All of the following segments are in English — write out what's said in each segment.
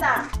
的。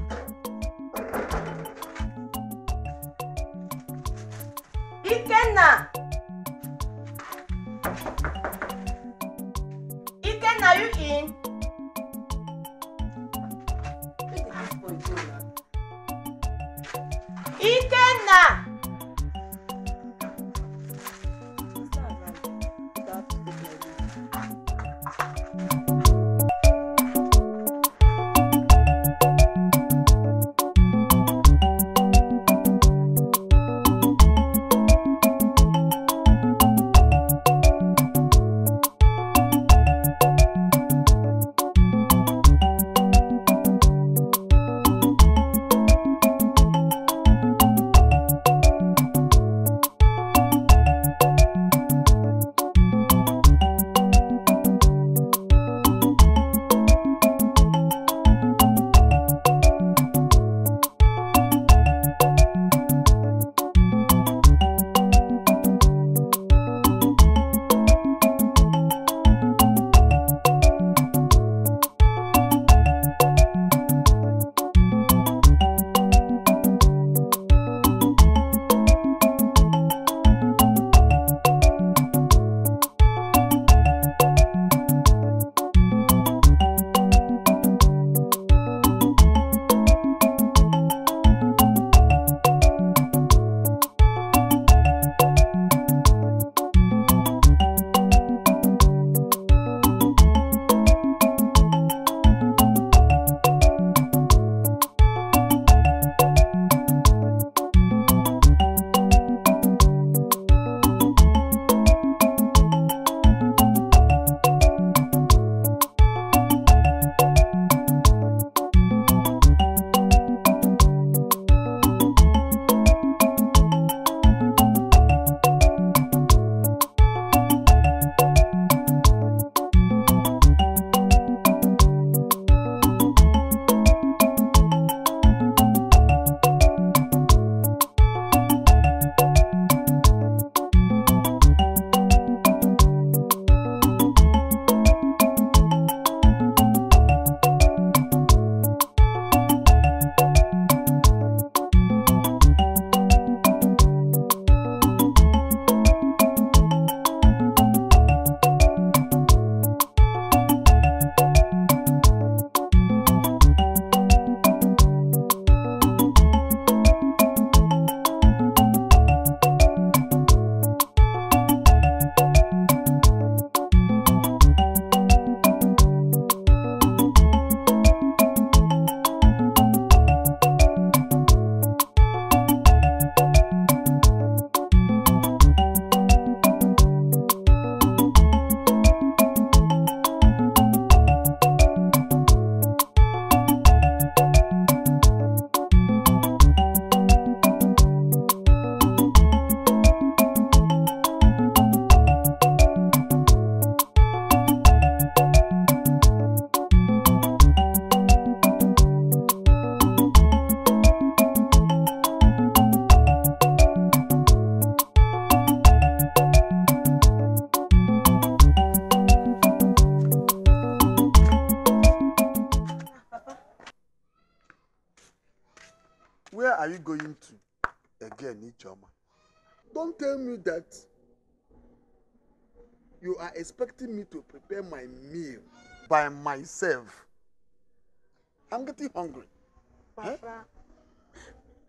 Choma. Don't tell me that you are expecting me to prepare my meal by myself. I'm getting hungry. Papa, eh?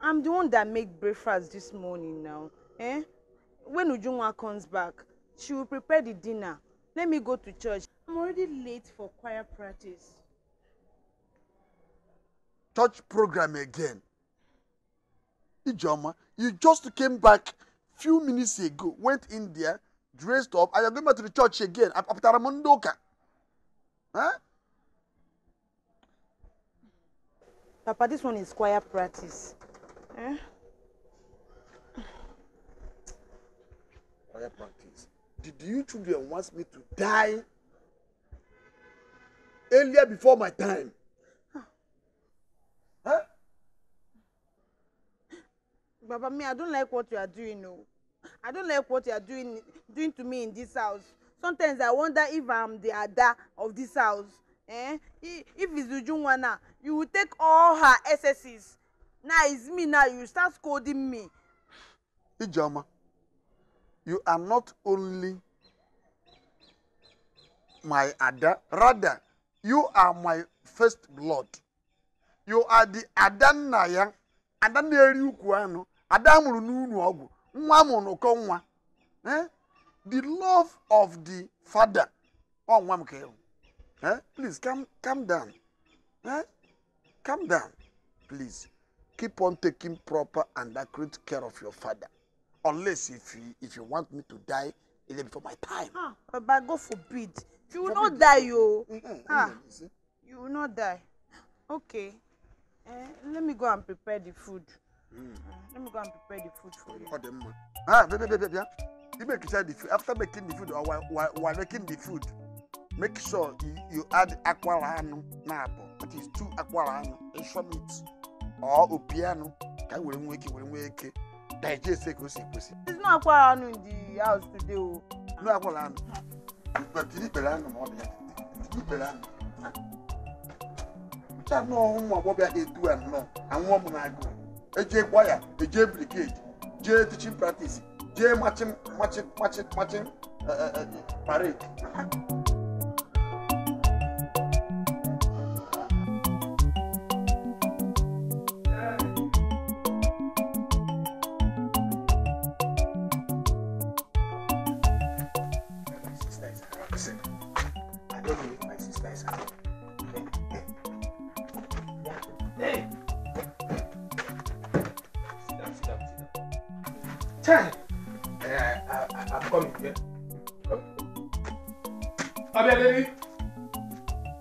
I'm the one that made breakfast this morning now. Eh? When Ujunwa comes back, she will prepare the dinner. Let me go to church. I'm already late for choir practice. Church program again. Ijoma, you just came back few minutes ago, went in there, dressed up, and you're going back to the church again after a mondoka. Huh? Papa, this one is choir practice. Eh? Choir practice. Did you children want me to die earlier before my time? Baba, me, I don't like what you are doing, no. Oh. I don't like what you are doing doing to me in this house. Sometimes I wonder if I'm the Ada of this house. Eh? If it's Ujunwana, you will take all her excesses. Now it's me now, you start scolding me. Ijama, you are not only my Ada, rather, you are my first blood. You are the Adanaya, Adanayari Ukuano, ada mụrụ n'unu ọgwụ nwa mụrụ n'ụkọ nwa the love of the father ọ nwa m ka ịhụ please calm, calm down eh? calm down please keep on taking proper and accurate care of your father unless if you, if you want me to die a little before my time. ah baba god forbid you will not die o mm -hmm. Mm-hmm, ah mm-hmm, you will not die okay eh, let me go and prepare the food. Let me go and prepare the food for you. ọ dị mma ah bịa bịa bịa the food after making the food or while while making the food make sure you, you add akwara na abụọ that is two akwara a ịshọ meat or opi anụ ka nwere nwee ike were nwee digest it's not akwara in the house today o. no akwara anụ tiri ikpere anụ ma ọ dị ya ikpere anụ. eje kwaya eje brigade jee teaching practice jee machin machin machin machin eh, eh, eh,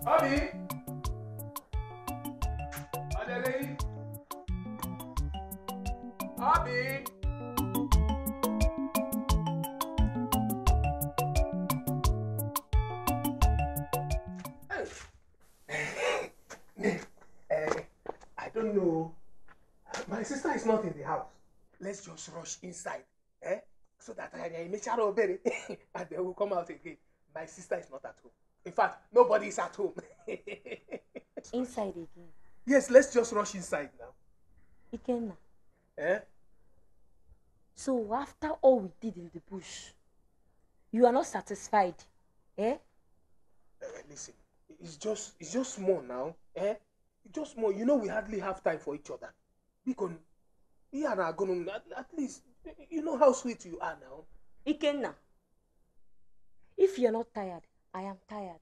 Abi. Adeleye. Bobby. Eh, I don't know. My sister is not in the house. Let's just rush inside. Eh? So that I, I make sure of it. and they will come out again. My sister is not at home. In fact, nobody is at home. inside again. Yes, let's just rush inside now. Ikenna. Eh? So after all we did in the bush, you are not satisfied, eh? Uh, listen, it's just it's just small now, eh? It's just small. You know we hardly have time for each other. Because me are going at, at least you know how sweet you are now. Ikenna, if you're not tired, I am tired.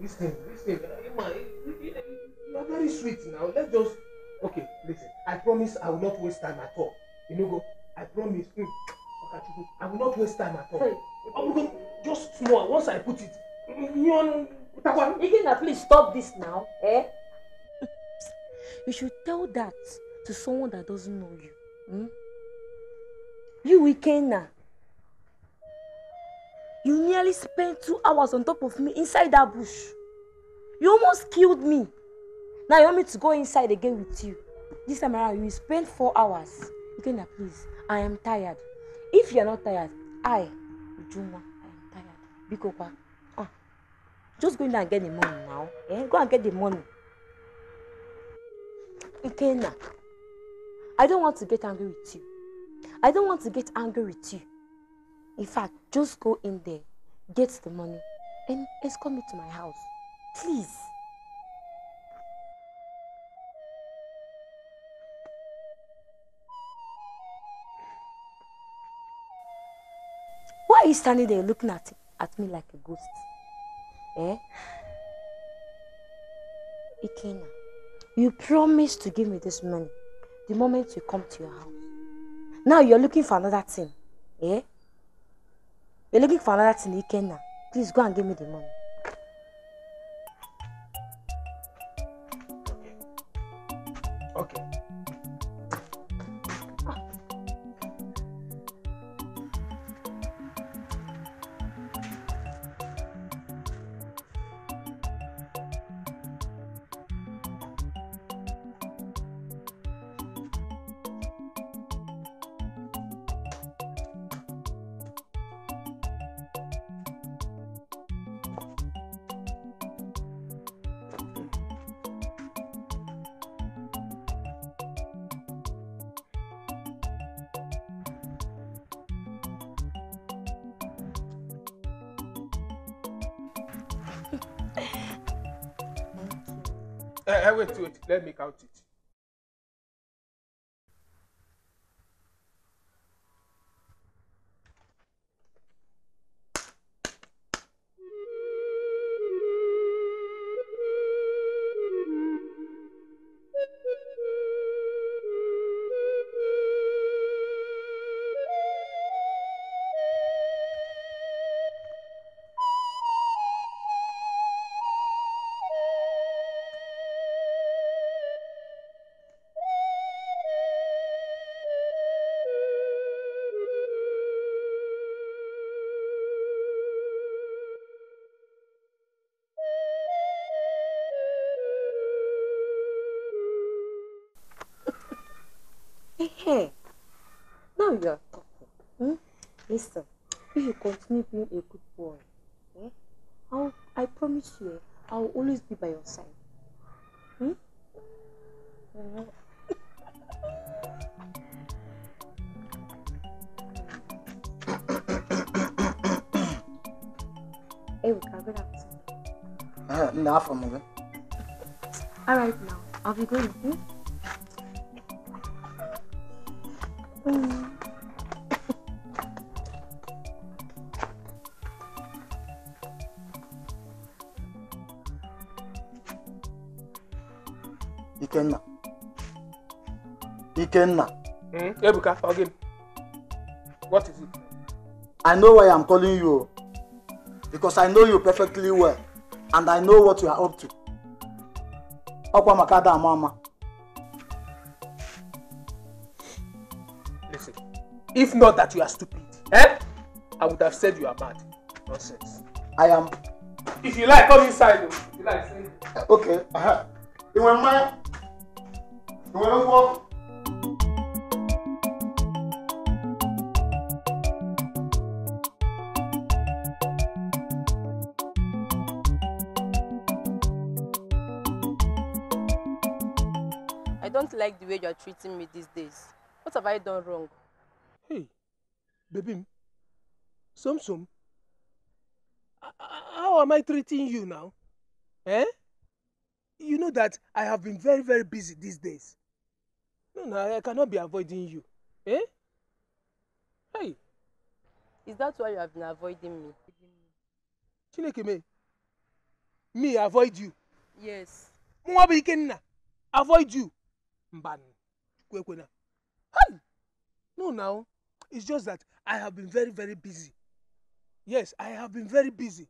Listen, listen, eh, eh, eh, you are very sweet now. Let's just. Okay, listen. I promise I will not waste time at all. You know, go. I promise. Hmm, I will not waste time at all. i just small. Once I put it, mm, you can at least stop this now, eh? you should tell that to someone that doesn't know you. Hmm? You now. You nearly spent two hours on top of me inside that bush. You almost killed me. Now you want me to go inside again with you. This time around, you spent four hours. Weekender, please. I am tired. If you are not tired, I, Ujuma, I am tired. Bikokwa, ah, just go in there and get the money now. Eh? Go and get the money. Ikenna, I don't want to get angry with you. I don't want to get angry with you. In fact, just go in there, get the money, and escort me to my house. Please. Why are you standing there looking at, at me like a ghost? Eh? Ikena, you promised to give me this money the moment you come to your house. Now you're looking for another thing. Eh? You're looking for another thing, Ikenna. Please go and give me the money. Uh, wait, wait, let me count it. Hey, hmm. now you are talking. Hmm? Listen, if you continue being a good boy, eh, hmm, I'll, I promise you, eh, I'll always be by your side. Hmm? Mm -hmm. Erica, good afternoon. Uh, now for a moment. Eh. All right, now. I'll be going. Hmm? Ikenna. Mm? Ebuka, again. What is it? I know why I'm calling you because I know you perfectly well and I know what you are up to. Ọkwa makada mama. Listen, if not that you are stupid, eh? I would have said you are mad. Nonsense. I am. If you like, come inside. Though. If you like, stay. Okay. Uh-huh. Ìwọ̀n máa. Ìwọ̀n ló wọ́. like the way you're treating me these days. What have I done wrong? Hey, baby, some some. How am I treating you now? Eh? You know that I have been very, very busy these days. No, no, I cannot be avoiding you. Eh? Hey. Is that why you have been avoiding me? Chineke me. Me avoid you. Yes. Mwa be avoid you. Mban. Kwekwena. Hey! No, now. It's just that I have been very, very busy. Yes, I have been very busy.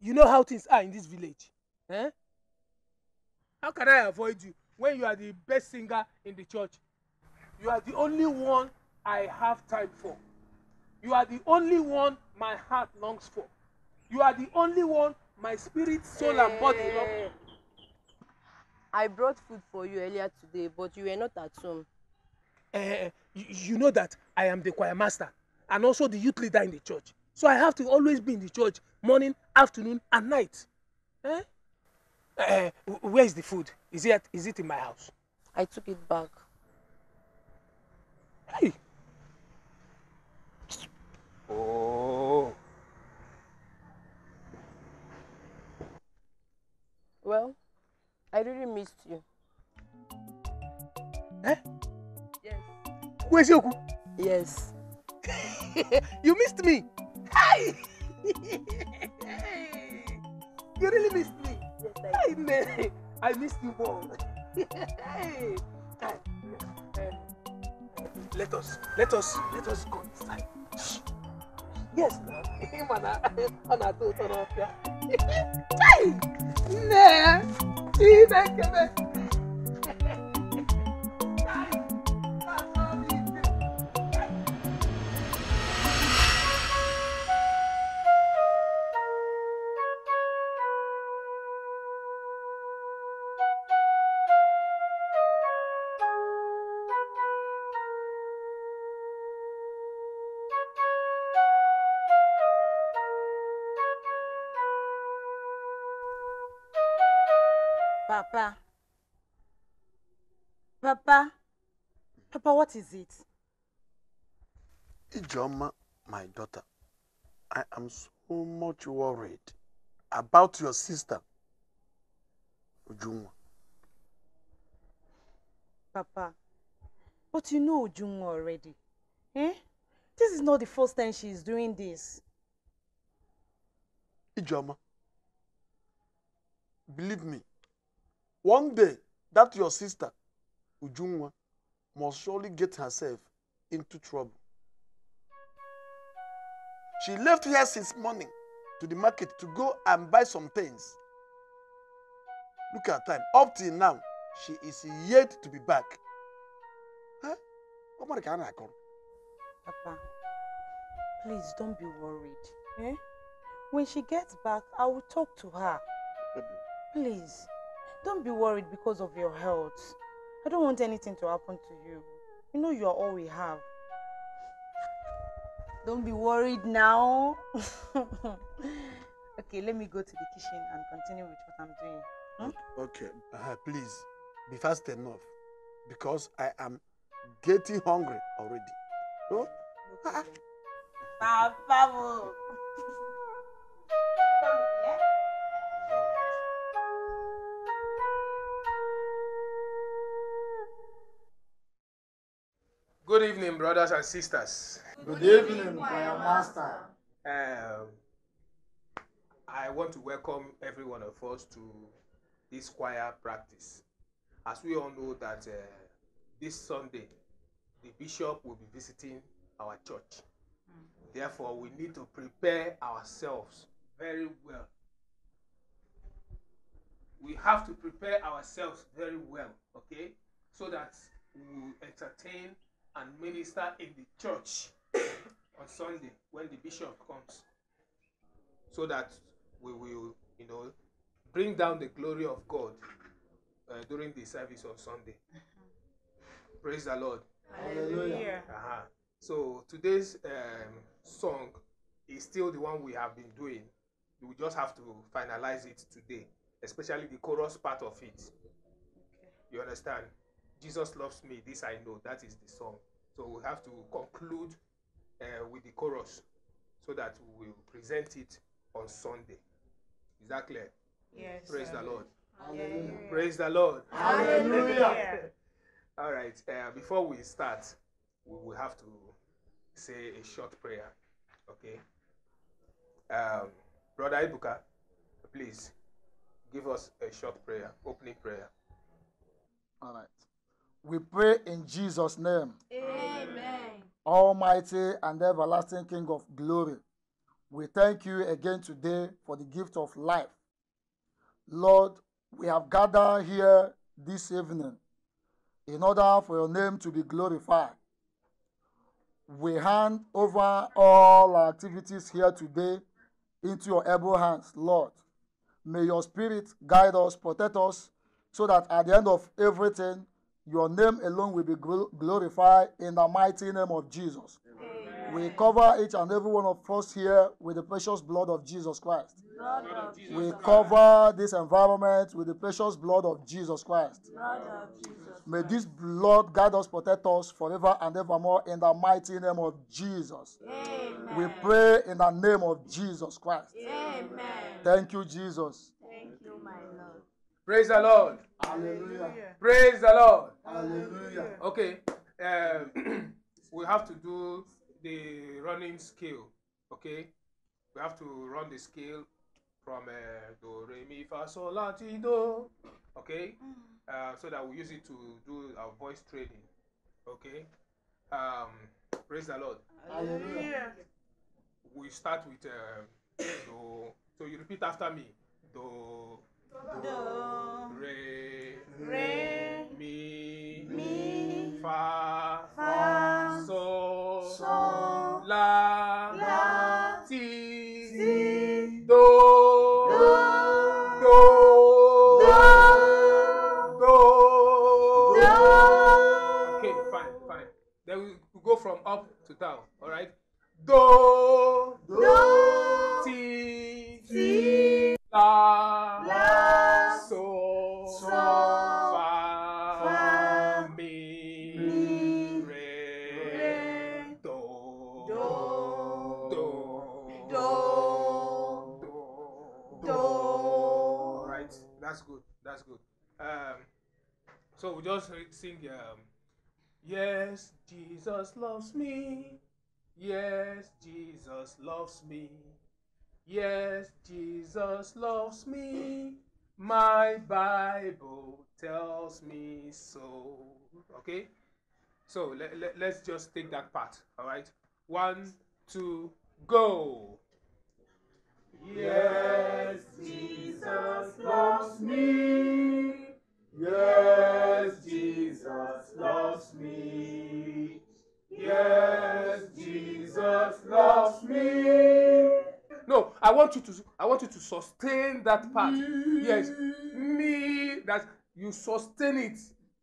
You know how things are in this village. Eh? How can I avoid you when you are the best singer in the church? You are the only one I have time for. You are the only one my heart longs for. You are the only one my spirit, soul, and body longs for. Eh. I brought food for you earlier today, but you were not at home. Uh, you, you know that I am the choir master and also the youth leader in the church. So I have to always be in the church morning, afternoon, and night. Eh? Uh, where is the food? Is it, is it in my house? I took it back. Hey! Oh! Well, I really missed you. Eh? Yes. Where's Yoku? Yes. you missed me. Hi. you really missed me. Yes, I did. Hey, I missed you all. hey. Let us, let us, let us go inside. Yes, Hey, Man, I, I, I, I, I, I, I, I, Thank you. Papa. Papa. Papa, what is it? Ijoma, my daughter, I am so much worried about your sister, Ujunwa. Papa, but you know Ujunwa already. Eh? This is not the first time she is doing this. Ijoma, believe me, One day, that your sister, Ujunwa, must surely get herself into trouble. She left here since morning to the market to go and buy some things. Look at time. Up till now, she is yet to be back. Huh? Papa, please don't be worried. Eh? When she gets back, I will talk to her. Please. Don't be worried because of your health. I don't want anything to happen to you. You know you are all we have. Don't be worried now. okay, let me go to the kitchen and continue with what I'm doing. Hmm? Okay, uh, please be fast enough because I am getting hungry already. Oh? No? Papa. Oh. Good evening, brothers and sisters. Good, evening, Choir Master. Um, I want to welcome every one of us to this choir practice. As we all know that uh, this Sunday, the bishop will be visiting our church. Mm. Therefore, we need to prepare ourselves very well. We have to prepare ourselves very well, okay? So that we will entertain and minister in the church on Sunday when the bishop comes. So that we will, you know, bring down the glory of God uh, during the service on Sunday. Mm-hmm. Praise the Lord. Hallelujah. Uh-huh. So today's um, song is still the one we have been doing. We just have to finalize it today, especially the chorus part of it. You understand? Jesus loves me, this I know. That is the song. So we have to conclude uh, with the chorus so that we will present it on Sunday. Is that clear? Yes. Praise sir. the Lord. Hallelujah. Praise the Lord. Hallelujah. All right. Uh, before we start, we will have to say a short prayer. Okay. Um, Brother Ibuka, please give us a short prayer, opening prayer. All right. We pray in Jesus' name. Amen. Almighty and everlasting King of glory, we thank you again today for the gift of life. Lord, we have gathered here this evening in order for your name to be glorified. We hand over all our activities here today into your able hands, Lord. May your spirit guide us, protect us, so that at the end of everything, your name alone will be glorified in the mighty name of Jesus. Amen. We cover each and every one of us here with the precious blood of Jesus Christ. Of Jesus we cover this environment with the precious blood of Jesus Christ. Of Jesus May this blood guide us, protect us forever and evermore in the mighty name of Jesus. Amen. We pray in the name of Jesus Christ. Amen. Thank you, Jesus. Thank you, my Lord. Praise the Lord. Hallelujah. Praise the Lord. Hallelujah. Okay. Um, we have to do the running scale. Okay. We have to run the scale from uh, do re mi fa sol la ti do. Okay. Mm. Uh, so that we use it to do our voice training. Okay. Um, praise the Lord. Hallelujah. We start with uh, do. So you repeat after me. Do. do re re mi mi fa fa so so la la ti ti do do do do okay fine fine then we go from up to down all right do do. do. that's good. That's good. Um, so we just sing. Um, yes, Jesus loves me. Yes, Jesus loves me. Yes, Jesus loves me. My Bible tells me so. Okay? So let, let's just take that part. All right? One, two, go. Yes, Jesus loves me. Yes, Jesus loves me. Yes, Jesus loves me. No, I want you to I want you to sustain that part. Me. Yes, me that you sustain it.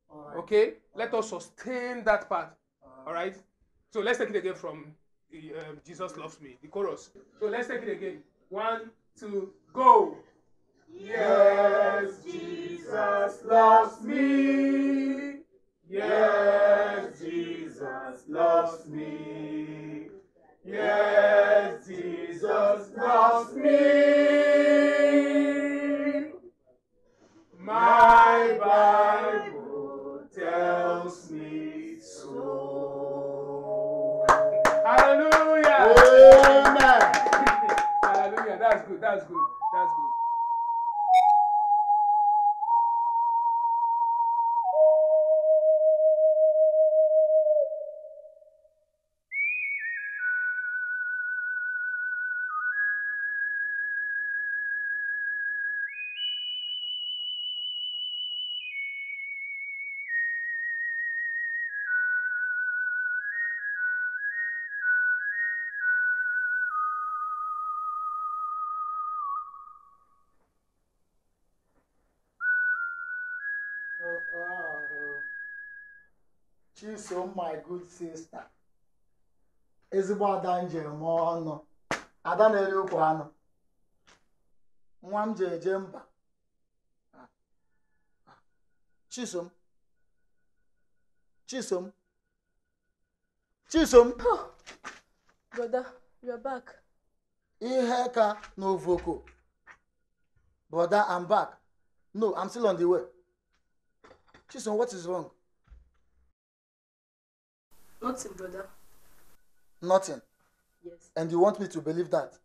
Right. Okay, let us sustain that part. All right. So let's take it again from uh, Jesus loves me, the chorus. So let's take it again. One, two, go. Chisom my good sister ezigbo ada m ọnụ ada na-eri ụkwụ anụ nwa m ji eje mba Chisom Chisom Chisom oh, you are back ihe ka n'ovoko brother I'm back no I'm still on the way Chisom what is wrong Nothing, brother. Nothing? Yes. And you want me to believe that?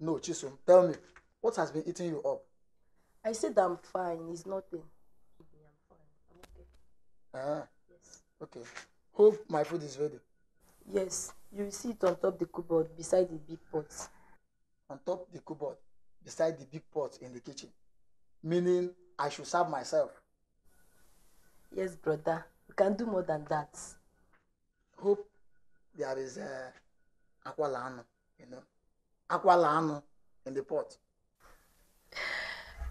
No, Chisum, tell me, what has been eating you up? I said I'm fine, it's nothing. I'm fine, I'm okay. Ah, yes. okay. Hope my food is ready. Yes, you see it on top the cupboard beside the big pot. On top the cupboard beside the big pot in the kitchen, meaning I should serve myself. Yes, brother, you can do more than that. hope there is uh, akwala anụ you akwala anụ in the pot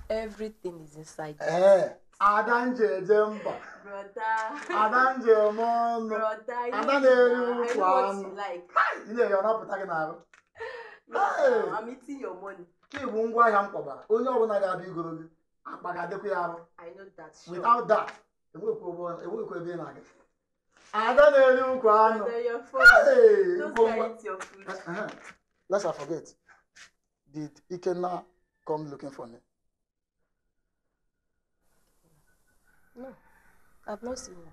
everything is inside eh adanje eje mba adanje eme ọnụ ada na-eri ụkwụ anụ ihe ya ọ na-apụta gị n'arụ kibụ ngwa ahịa m kwabara onye ọbụla ga-abịa igoro gị akpa ga-adịkwa ya arụ without that enwekwa ebe ị na-aga Ada na-eri ukwu anụ. Let's not forget. Did Ikenna come looking for me? No, I've not seen him.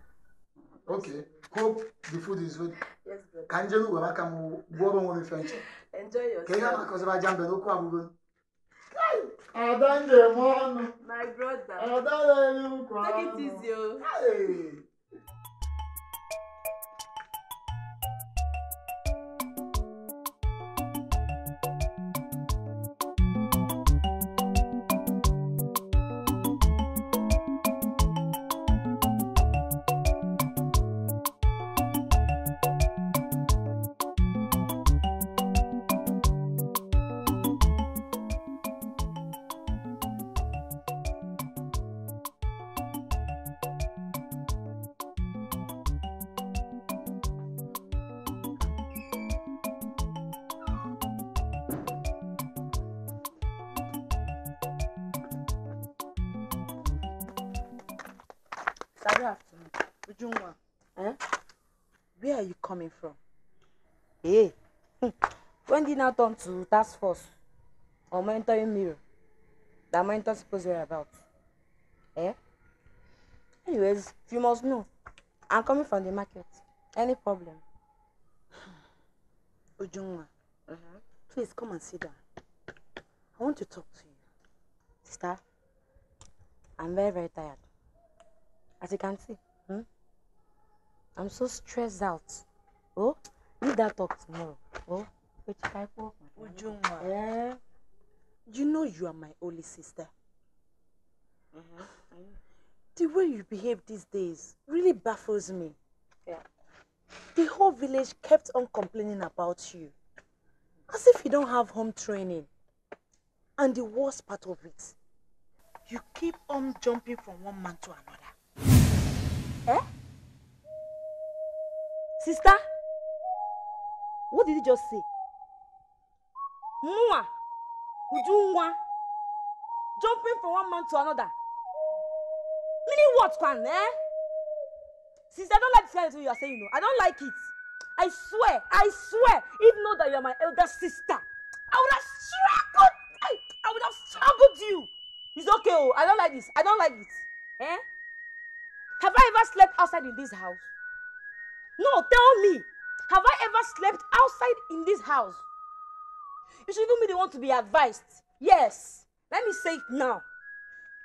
Okay. Hope the food is good. Yes, brother. Ka njem uwe maka m gwọrọ onwe m ife nche. Enjoy yourself. Ka ihe a na aja mbe n'okwu abụgo. Ada njem ọnụ. Ada na-eri ukwu anụ. coming from? Hey, eh, hmm. when did now turn to task force or monitoring mirror that monitor supposed be about? Eh? Anyways, you must know. I'm coming from the market. Any problem? Ujungwa, mm-hmm. please come and sit down. I want to talk to you. Sister, I'm very, very tired. As you can see, hmm? I'm so stressed out. Oh, leave that talk tomorrow. Oh, which type of Ujuma. Yeah. You know you are my only sister. Mm -hmm. The way you behave these days really baffles me. Yeah. The whole village kept on complaining about you. As if you don't have home training. And the worst part of it, you keep on jumping from one man to another. Eh? Sister? What did he just say? Mua, Ujunwa, jumping from one man to another. Meaning what, Kwan, eh? Since I don't like this kind of thing you are saying, you know, I don't like it. I swear, I swear, even though that you are my elder sister, I would have struggled. I, eh? I would have struggled you. It's okay, oh, I don't like this, I don't like it. Eh? Have I ever slept outside in this house? No, tell me. Have I ever slept outside in this house? You should even be the one to be advised. Yes. Let me say it now.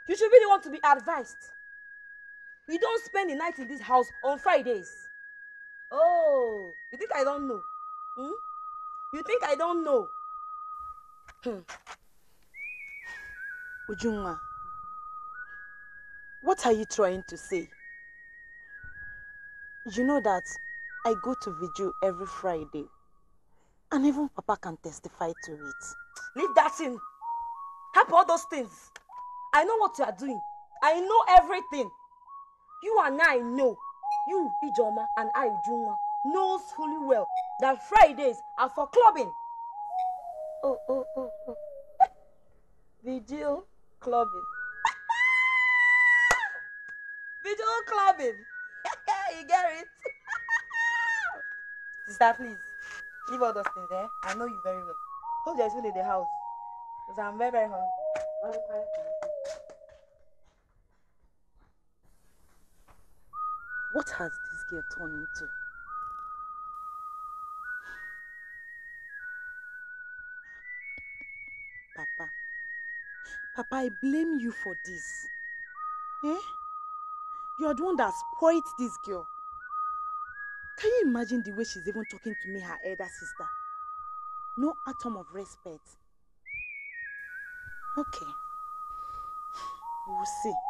You should be the one to be advised. We don't spend the night in this house on Fridays. Oh, you think I don't know? Hmm? You think I don't know? Hmm. Ujunwa, what are you trying to say? You know that I go to Viju every Friday. And even Papa can testify to it. Leave that in. Help all those things. I know what you are doing. I know everything. You and I know. You, Ijoma, and I, Ujuma, knows fully well that Fridays are for clubbing. Oh, oh, oh, oh. Vigil clubbing. Vigil clubbing. you get it? Sister, please, leave all those things there. Eh? I know you very well. Hope there's food in the house. Because I'm very, very hungry. What has this girl turned into? Papa. Papa, I blame you for this. Eh? You are the one that spoiled this girl. Can you imagine the way she's even talking to me, her elder sister? No atom of respect. Okay. We'll see.